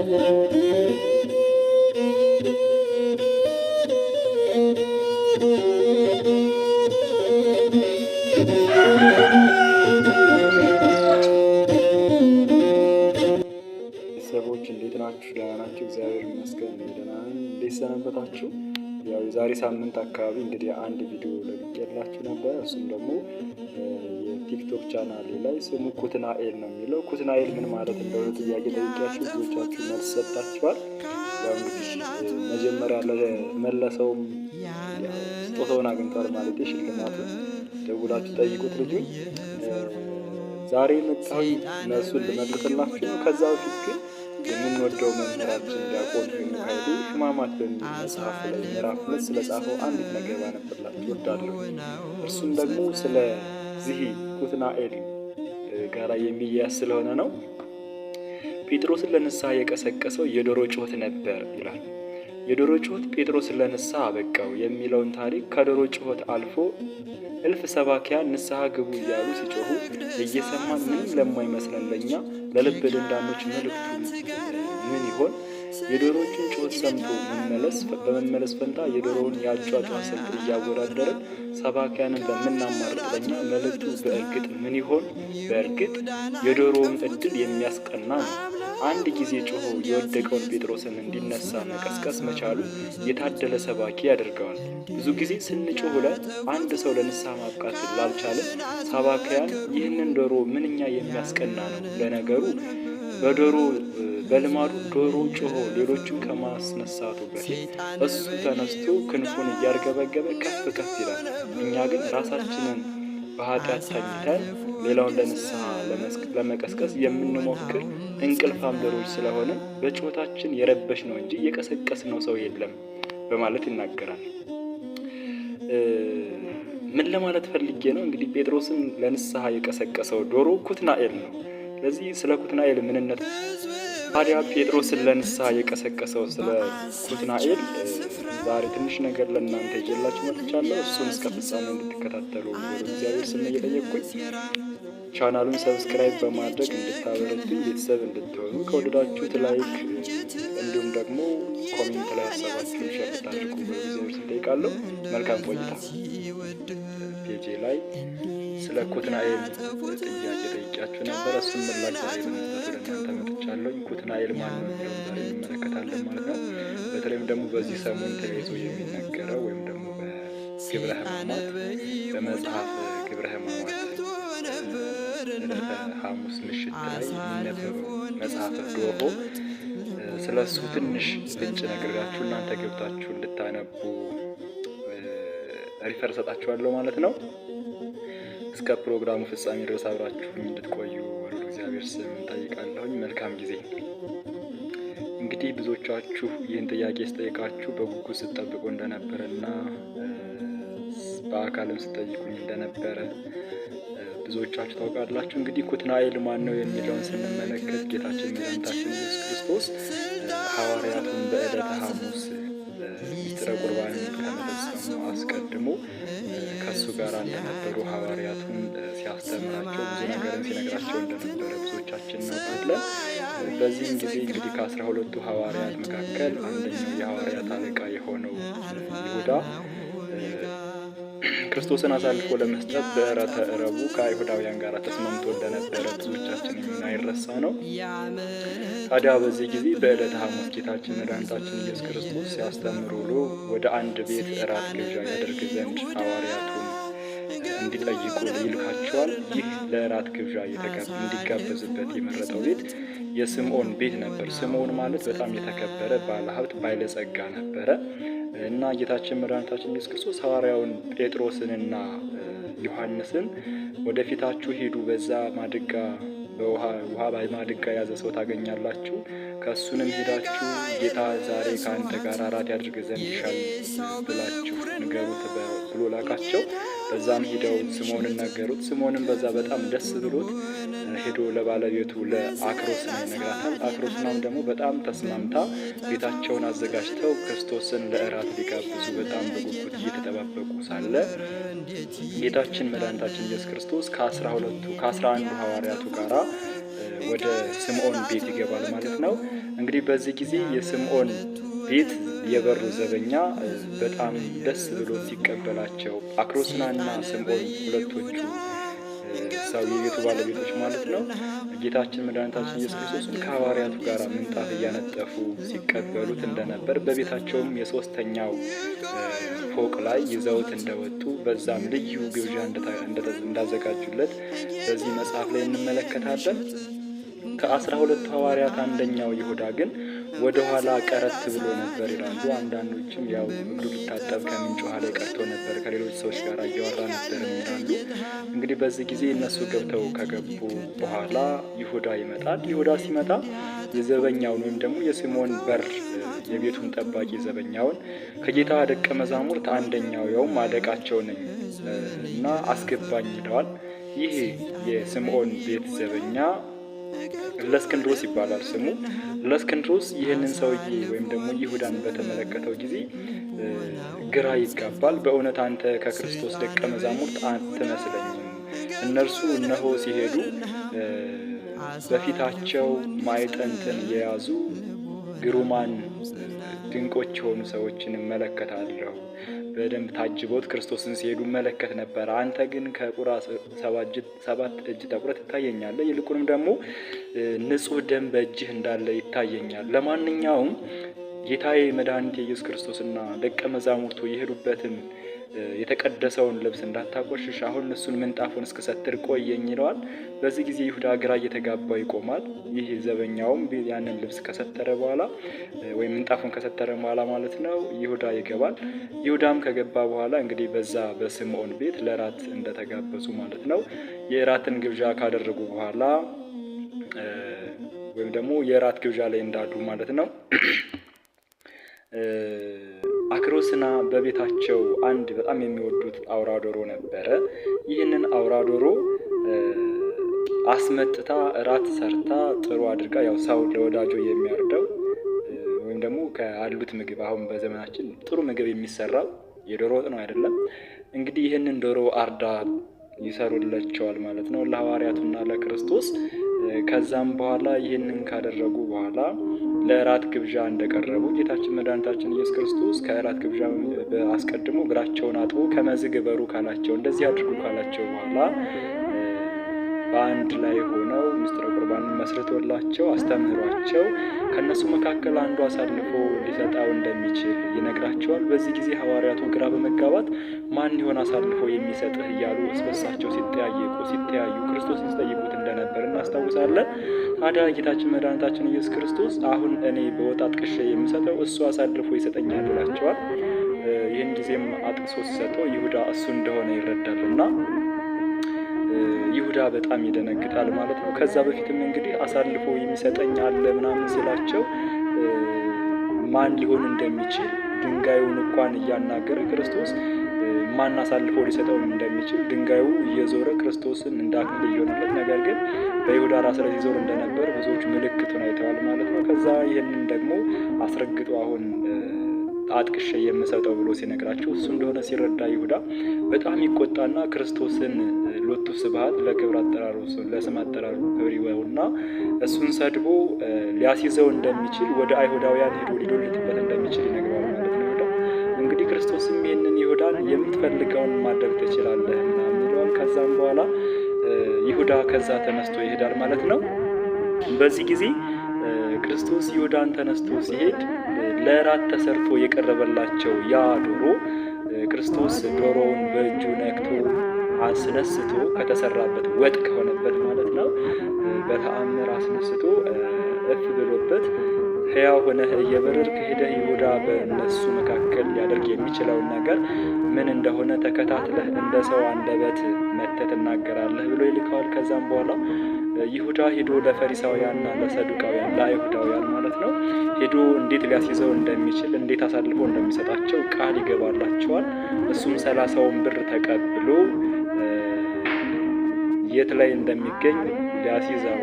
ቤተሰቦች እንዴት ናችሁ? ደህና ናችሁ? እግዚአብሔር ይመስገን ደህና እንዴት ሰነበታችሁ? ያው የዛሬ ሳምንት አካባቢ እንግዲህ አንድ እሱም ደግሞ የቲክቶክ ቻናል ላይ ስሙ ኩትናኤል ነው የሚለው። ኩትናኤል ምን ማለት እንደሆነ ጥያቄ ጠይቂያቸው፣ ብዙዎቻችሁ መልስ ሰጣችኋል። ያው እንግዲህ መጀመሪያ ለመለሰውም ስጦታውን አግኝቷል ማለት ሽልማቱ። ደውላችሁ ጠይቁት ልጁን። ዛሬ የመጣሁኝ እነሱን ልመልስላችሁ ከዛ በፊት ግን የምንወደው መምህራችን ዲያቆን የሚካሄዱ ሕማማት በሚል መጽሐፍ ላይ ምዕራፍ ሁለት ስለጻፈው አንድ ነገር ባነብላችሁ እወዳለሁ። እርሱም ደግሞ ስለ ዚህ ኩትናኤል ጋራ የሚያያዝ ስለሆነ ነው። ጴጥሮስን ለንስሐ የቀሰቀሰው የዶሮ ጩኸት ነበር ይላል። የዶሮ ጩኸት ጴጥሮስን ለንስሐ አበቃው የሚለውን ታሪክ ከዶሮ ጩኸት አልፎ እልፍ ሰባኪያን ንስሐ ግቡ እያሉ ሲጮሁ እየሰማ ምንም ለማይመስለን ለእኛ ለልብ ደንዳኖች መልእክቱ ምን ይሆን? የዶሮዎችን ጩኸት ሰምቶ መመለስ በመመለስ ፈንታ የዶሮውን የአጫጫ ስልት እያወዳደርን ሰባኪያንን በምናማርጥ ለኛ መልእክቱ በእርግጥ ምን ይሆን? በእርግጥ የዶሮውን እድል የሚያስቀና ነው። አንድ ጊዜ ጮሆ የወደቀውን ጴጥሮስን እንዲነሳ መቀስቀስ መቻሉ የታደለ ሰባኪ ያደርገዋል። ብዙ ጊዜ ስንጮህ ውለን አንድ ሰው ለንስሐ ማብቃት ላልቻለ ሰባኪያን ይህንን ዶሮ ምንኛ የሚያስቀና ነው። ለነገሩ በዶሮ በልማዱ ዶሮ ጮሆ ሌሎችን ከማስነሳቱ በፊት እሱ ተነስቶ ክንፉን እያርገበገበ ከፍ ከፍ ይላል። እኛ ግን ራሳችንን በኃጢአት ተኝተን ሌላውን ለንስሐ ለመቀስቀስ የምንሞክር እንቅልፋም ዶሮዎች ስለሆነ በጩኸታችን የረበሽ ነው እንጂ እየቀሰቀስ ነው ሰው የለም በማለት ይናገራል። ምን ለማለት ፈልጌ ነው? እንግዲህ ጴጥሮስን ለንስሐ የቀሰቀሰው ዶሮ ኩትናኤል ነው። ለዚህ ስለ ኩትናኤል ምንነት ታዲያ ጴጥሮስን ለንስሐ የቀሰቀሰው ስለ ኩትናኤል ዛሬ ትንሽ ነገር ለእናንተ ይዤላችሁ መጥቻለሁ። እሱን እስከ ፍጻሜ እንድትከታተሉ እግዚአብሔር ስም እየጠየቅኩኝ ቻናሉን ሰብስክራይብ በማድረግ እንድታበረቱኝ ቤተሰብ እንድትሆኑ ከወደዳችሁት ላይክ፣ እንዲሁም ደግሞ ኮሜንት ላይ ሀሳባችሁን ሸር ታድርጉ እግዚአብሔር ስም መልካም ቆይታ። ፔጄ ላይ ስለ ኩትናኤል ጥያቄ ጠይቂያችሁ ነበር። እሱን ምላሽ ዛሬ በመስጠት ወደ እናንተ ሰምቻለሁ። ኩትናኤል ማን ነው ዛሬ እንመለከታለን ማለት ነው። በተለይም ደግሞ በዚህ ሰሞን ተይዞ የሚነገረው ወይም ደግሞ በግብረ ሕማማት በመጽሐፍ ግብረ ሕማማት ሐሙስ ምሽት ላይ የሚነበበው መጽሐፍ ዶሆ ስለ እሱ ትንሽ ፍንጭ ነግሬያችሁ እናንተ ገብታችሁ እንድታነቡ ሪፈር ሰጣችኋለሁ ማለት ነው። እስከ ፕሮግራሙ ፍጻሜ ድረስ አብራችሁ እንድትቆዩ በእግዚአብሔር ስም ጠይቃለሁኝ። መልካም ጊዜ። እንግዲህ ብዙዎቻችሁ ይህን ጥያቄ ስጠይቃችሁ በጉጉት ስትጠብቁ እንደነበረ እና በአካልም ስጠይቁኝ እንደነበረ ብዙዎቻችሁ ታውቃላችሁ። እንግዲህ ኩትናኤል ማን ነው የሚለውን ስንመለከት ጌታችን መድኃኒታችን ኢየሱስ ክርስቶስ ሐዋርያቱን በዕለተ ሐሙስ ምስጢረ ቁርባን ከመፈጸሙ አስቀድሞ ከእሱ ጋር እንደነበሩ ሐዋርያቱን ሲያስተምራቸው ብዙ ነገርን ሲነግራቸው እንደነበረ ብዙዎቻችን በዚህም ጊዜ እንግዲህ ከአስራ ሁለቱ ሐዋርያት መካከል አንደኛው የሐዋርያት አለቃ የሆነው ይሁዳ ክርስቶስን አሳልፎ ለመስጠት በዕለተ ረቡዕ ከአይሁዳውያን ጋር ተስማምቶ እንደነበረ ብዙዎቻችን የማይረሳ ነው። ታዲያ በዚህ ጊዜ በዕለተ ሐሙስ ጌታችን መድኃኒታችን ኢየሱስ ክርስቶስ ሲያስተምር ውሎ ወደ አንድ ቤት እራት ግብዣ ያደርግ ዘንድ ሐዋርያቱን እንዲጠይቁ ይልካቸዋል። ይህ ለእራት ግብዣ እንዲጋበዝበት የመረጠው ቤት የስምዖን ቤት ነበር። ስምዖን ማለት በጣም የተከበረ ባለሀብት፣ ባለጸጋ ነበረ እና ጌታችን መድኃኒታችን ኢየሱስ ክርስቶስ ሐዋርያውን ጴጥሮስንና ዮሐንስን ወደፊታችሁ ሂዱ፣ በዛ ማድጋ ውሃ ማድጋ የያዘ ሰው ታገኛላችሁ፣ ከእሱንም ሄዳችሁ ጌታ ዛሬ ከአንተ ጋር አራት ያድርግ ዘንድ ይሻል ብላችሁ ንገሩት ብሎ ላካቸው። በዛም ሂደው ስምዖንን ነገሩት። ስምዖንም በዛ በጣም ደስ ብሎት ሄዶ ለባለቤቱ ለአክሮስና ይነግራታል። አክሮስናም ደግሞ በጣም ተስማምታ ቤታቸውን አዘጋጅተው ክርስቶስን ለእራት ሊጋብዙ በጣም በጉጉት እየተጠባበቁ ሳለ ጌታችን መድኃኒታችን ኢየሱስ ክርስቶስ ከአስራ ሁለቱ ከአስራ አንዱ ሐዋርያቱ ጋራ ወደ ስምዖን ቤት ይገባል ማለት ነው። እንግዲህ በዚህ ጊዜ የስምዖን ቤት የበሩ ዘበኛ በጣም ደስ ብሎ ሲቀበላቸው አክሮስናና ስምዖን ሁለቶቹ ሰው የቤቱ ባለቤቶች ማለት ነው። ጌታችን መድኃኒታችን ኢየሱስ ክርስቶስን ከሐዋርያቱ ጋር ምንጣፍ እያነጠፉ ሲቀበሉት እንደነበር በቤታቸውም የሶስተኛው ፎቅ ላይ ይዘውት እንደወጡ በዛም ልዩ ግብዣ እንዳዘጋጁለት በዚህ መጽሐፍ ላይ እንመለከታለን። ከአስራ ሁለቱ ሐዋርያት አንደኛው ይሁዳ ግን ወደ ኋላ ቀረት ብሎ ነበር ይላሉ። አንዳንዶችም ያው እግሩ ሊታጠብ ከምንጭ ውሃ ላይ ቀርቶ ነበር ከሌሎች ሰዎች ጋር እያወራ ነበር ይላሉ። እንግዲህ በዚህ ጊዜ እነሱ ገብተው ከገቡ በኋላ ይሁዳ ይመጣል። ይሁዳ ሲመጣ የዘበኛውን ወይም ደግሞ የሲሞን በር የቤቱን ጠባቂ ዘበኛውን ከጌታ ደቀ መዛሙርት አንደኛው ያውም አለቃቸው ነኝ እና አስገባኝ ይለዋል። ይህ የስምዖን ቤት ዘበኛ ለእስክንድሮስ ይባላል ስሙ። ለእስክንድሮስ ይህንን ሰውዬ ወይም ደግሞ ይሁዳን በተመለከተው ጊዜ ግራ ይጋባል። በእውነት አንተ ከክርስቶስ ደቀ መዛሙርት አትመስለኝም። እነርሱ እነሆ ሲሄዱ በፊታቸው ማዕጠንትን የያዙ ግሩማን ድንቆች የሆኑ ሰዎችን እመለከታለሁ። በደንብ ታጅቦት ክርስቶስን ሲሄዱ መለከት ነበር አንተ ግን ከቁራ ሰባት እጅ ጠቁረ ትታየኛለህ፣ ይልቁንም ደግሞ ንጹሕ ደም በእጅህ እንዳለ ይታየኛል። ለማንኛውም ጌታዬ መድኃኒት የኢየሱስ ክርስቶስና ደቀ መዛሙርቱ የሄዱበትን የተቀደሰውን ልብስ እንዳታቆሽሽ አሁን እሱን ምንጣፉን እስክሰትር ቆየኝ ይለዋል። በዚህ ጊዜ ይሁዳ ግራ እየተጋባ ይቆማል። ይህ ዘበኛውም ያንን ልብስ ከሰተረ በኋላ ወይም ምንጣፉን ከሰተረ በኋላ ማለት ነው ይሁዳ ይገባል። ይሁዳም ከገባ በኋላ እንግዲህ በዛ በስምዖን ቤት ለራት እንደተጋበዙ ማለት ነው የራትን ግብዣ ካደረጉ በኋላ ወይም ደግሞ የራት ግብዣ ላይ እንዳሉ ማለት ነው አክሮስና በቤታቸው አንድ በጣም የሚወዱት አውራ ዶሮ ነበረ። ይህንን አውራ ዶሮ አስመጥታ እራት ሰርታ ጥሩ አድርጋ ያው ሰው ለወዳጆ የሚያርደው ወይም ደግሞ ከአሉት ምግብ አሁን በዘመናችን ጥሩ ምግብ የሚሰራው የዶሮ ወጥ ነው አይደለም። እንግዲህ ይህንን ዶሮ አርዳ ይሰሩላቸዋል ማለት ነው ለሐዋርያቱና ለክርስቶስ። ከዛም በኋላ ይህንን ካደረጉ በኋላ ለእራት ግብዣ እንደቀረቡ ጌታችን መድኃኒታችን ኢየሱስ ክርስቶስ ከእራት ግብዣ አስቀድሞ እግራቸውን አጥቦ ከመዝ ግበሩ ካላቸው እንደዚህ አድርጉ ካላቸው በኋላ በአንድ ላይ ሆነው ምስጢረ ቁርባንን መስርቶላቸው አስተምህሯቸው ከእነሱ መካከል አንዱ አሳልፎ ሊሰጣው እንደሚችል ይነግራቸዋል። በዚህ ጊዜ ሐዋርያቱ ግራ በመጋባት ማን ይሆን አሳልፎ የሚሰጥህ እያሉ እስበሳቸው ሲጠያየቁ ሲተያዩ ክርስቶስ ሲጠይቁት እንደነበር እናስታውሳለን። አዳነ ጌታችን መድኃኒታችን ኢየሱስ ክርስቶስ አሁን እኔ በወጣት ቅሼ የምሰጠው እሱ አሳልፎ ይሰጠኛል ብላቸዋል። ይህን ጊዜም አጥቅሶ ሲሰጠው ይሁዳ እሱ እንደሆነ እና ይሁዳ በጣም ይደነግጣል ማለት ነው። ከዛ በፊትም እንግዲህ አሳልፎ የሚሰጠኝ አለ ምናምን ስላቸው ማን ሊሆን እንደሚችል ድንጋዩን እንኳን እያናገረ ክርስቶስ ማናሳልፈው ሊሰጠው እንደሚችል ድንጋዩ እየዞረ ክርስቶስን እንዳክል እየሆነለት ነገር ግን በይሁዳ ራስ ላይ ሲዞር እንደነበር ብዙዎች ምልክቱን አይተዋል ማለት ነው። ከዛ ይህንን ደግሞ አስረግጦ አሁን አጥቅሼ የምሰጠው ብሎ ሲነግራቸው እሱ እንደሆነ ሲረዳ ይሁዳ በጣም ይቆጣና ክርስቶስን ሎቱ ስብሐት ለክብር አጠራሩ ለስም አጠራሩ ክብር ይወውና እሱን ሰድቦ ሊያስይዘው እንደሚችል ወደ አይሁዳውያን ሄዶ ሊዶልትበት እንደሚችል ይነግረዋል ማለት ነው። እንግዲህ ክርስቶስም ይህንን ይሁዳን የምትፈልገውን ማድረግ ትችላለህ የሚለውን ከዛም በኋላ ይሁዳ ከዛ ተነስቶ ይሄዳል ማለት ነው። በዚህ ጊዜ ክርስቶስ ይሁዳን ተነስቶ ሲሄድ ለእራት ተሰርቶ የቀረበላቸው ያ ዶሮ ክርስቶስ ዶሮውን በእጁ ነክቶ አስነስቶ ከተሰራበት ወጥ ከሆነበት ማለት ነው በተአምር አስነስቶ እፍ ብሎበት ሕያው ሆነህ እየበረርክ ሄደህ ይሁዳ በእነሱ መካከል ሊያደርግ የሚችለውን ነገር ምን እንደሆነ ተከታትለህ እንደ ሰው አንደበት መጥተህ ትናገራለህ ብሎ ይልከዋል። ከዛም በኋላ ይሁዳ ሄዶ ለፈሪሳውያንና ለሰዱቃውያን ለአይሁዳውያን ማለት ነው ሄዶ እንዴት ሊያስይዘው እንደሚችል እንዴት አሳልፎ እንደሚሰጣቸው ቃል ይገባላቸዋል። እሱም ሰላሳውን ብር ተቀብሎ የት ላይ እንደሚገኝ ሊያስይዘው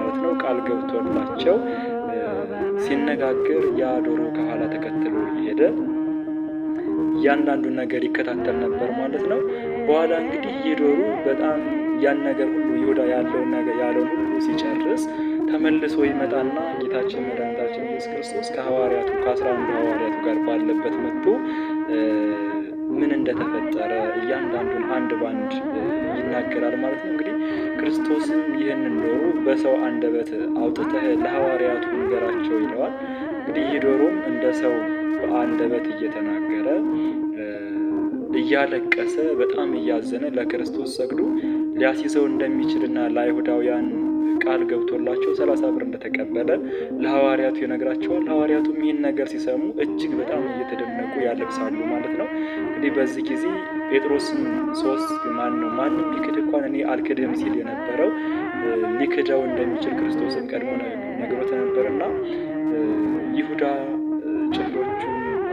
ማለት ነው ቃል ገብቶላቸው ሲነጋገር ያ ዶሮ ከኋላ ተከትሎ እየሄደ እያንዳንዱን ነገር ይከታተል ነበር ማለት ነው። በኋላ እንግዲህ ይህ ዶሮ በጣም ያን ነገር ሁሉ ይሁዳ ያለውን ነገር ያለውን ሁሉ ሲጨርስ ተመልሶ ይመጣና ጌታችን መድኃኒታችን ኢየሱስ ክርስቶስ ከሐዋርያቱ ከአስራ አንዱ ሐዋርያቱ ጋር ባለበት መጥቶ ምን እንደተፈጠረ እያንዳንዱን አንድ ባንድ ይናገራል ማለት ነው። እንግዲህ ክርስቶስም ይህንን ዶሮ በሰው አንደበት አውጥተህ ለሐዋርያቱ ንገራቸው ይለዋል። እንግዲህ ይህ ዶሮም እንደ ሰው በአንደበት እየተናገረ እያለቀሰ በጣም እያዘነ ለክርስቶስ ሰግዶ ሊያስይዘው እንደሚችልና ለአይሁዳውያን ቃል ገብቶላቸው ሰላሳ ብር እንደተቀበለ ለሐዋርያቱ ይነግራቸዋል። ሐዋርያቱም ይህን ነገር ሲሰሙ እጅግ በጣም እየተደነቁ ያለቅሳሉ ማለት ነው። እንግዲህ በዚህ ጊዜ ጴጥሮስም ሶስት ማን ነው ማንም ቢክድ እንኳን እኔ አልክድህም ሲል የነበረው ሊክደው እንደሚችል ክርስቶስን ቀድሞ ነግሮት ነበርና ይሁዳ ጭፍሮቹ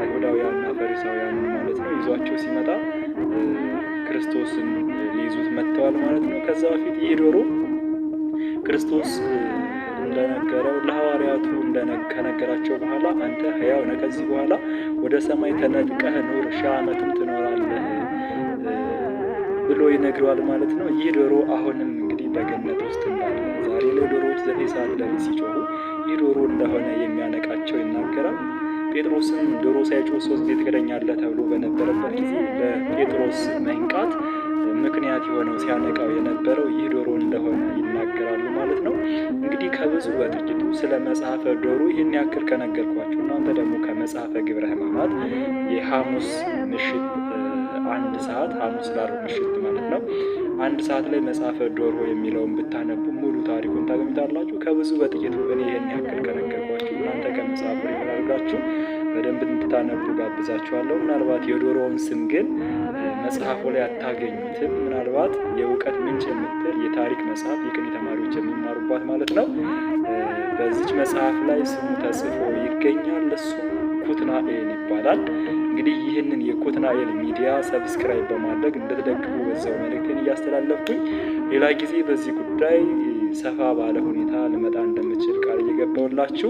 አይሁዳውያንና ፈሪሳውያን ማለት ነው ይዟቸው ሲመጣ ክርስቶስን ሊይዙት መጥተዋል ማለት ነው። ከዛ በፊት ይህ ዶሮ ክርስቶስ እንደነገረው ለሐዋርያቱ ከነገራቸው በኋላ አንተ ሕያው ነህ፣ ከዚህ በኋላ ወደ ሰማይ ተነጥቀህ ኑር፣ ሺህ ዓመትም ትኖራለህ ብሎ ይነግረዋል ማለት ነው። ይህ ዶሮ አሁንም እንግዲህ በገነት ውስጥ እንዳለ ዛሬ ላይ ዶሮዎች ዘጠኝ ሰዓት ለሊት ሲጮሁ ይህ ዶሮ እንደሆነ የሚያነቃቸው ይናገራል። ጴጥሮስም ዶሮ ሳይጮህ ሶስት ጊዜ ትክደኛለህ ተብሎ በነበረበት ጊዜ በጴጥሮስ መንቃት ምክንያት የሆነው ሲያነቃው የነበረው ይህ ዶሮ እንደሆነ ይናገራሉ ማለት ነው። እንግዲህ ከብዙ በጥቂቱ ስለ መጽሐፈ ዶሮ ይህን ያክል ከነገርኳችሁ እናንተ ደግሞ ከመጽሐፈ ግብረ ሕማማት የሐሙስ ምሽት አንድ ሰዓት ሐሙስ ዳር ምሽት ማለት ነው አንድ ሰዓት ላይ መጽሐፈ ዶሮ የሚለውን ብታነቡ ሙሉ ታሪኩን ታገኝታላችሁ። ከብዙ በጥቂቱ እኔ ይህን ያክል ከነገርኳችሁ እናንተ ከመጽሐፉ ይመላልጋችሁ በደንብ እንድታነቡ ጋብዛችኋለሁ። ምናልባት የዶሮውን ስም ግን መጽሐፉ ላይ አታገኙትም። ምናልባት የእውቀት ምንጭ የምትል የታሪክ መጽሐፍ የቅኔ ተማሪዎች የሚማሩባት ማለት ነው። በዚች መጽሐፍ ላይ ስሙ ተጽፎ ይገኛል። እሱ ኩትናኤል ይባላል። እንግዲህ ይህንን የኩትናኤል ሚዲያ ሰብስክራይብ በማድረግ እንደተደግፉ በዛው መልእክትን እያስተላለፍኩኝ ሌላ ጊዜ በዚህ ጉዳይ ሰፋ ባለ ሁኔታ ልመጣ እንደምችል ቃል እየገባውላችሁ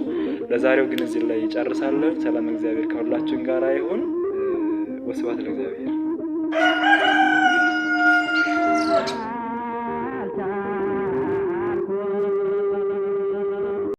ለዛሬው ግን እዚህ ላይ ይጨርሳለን። ሰላም እግዚአብሔር ከሁላችን ጋር ይሁን። ወስብሐት ለእግዚአብሔር።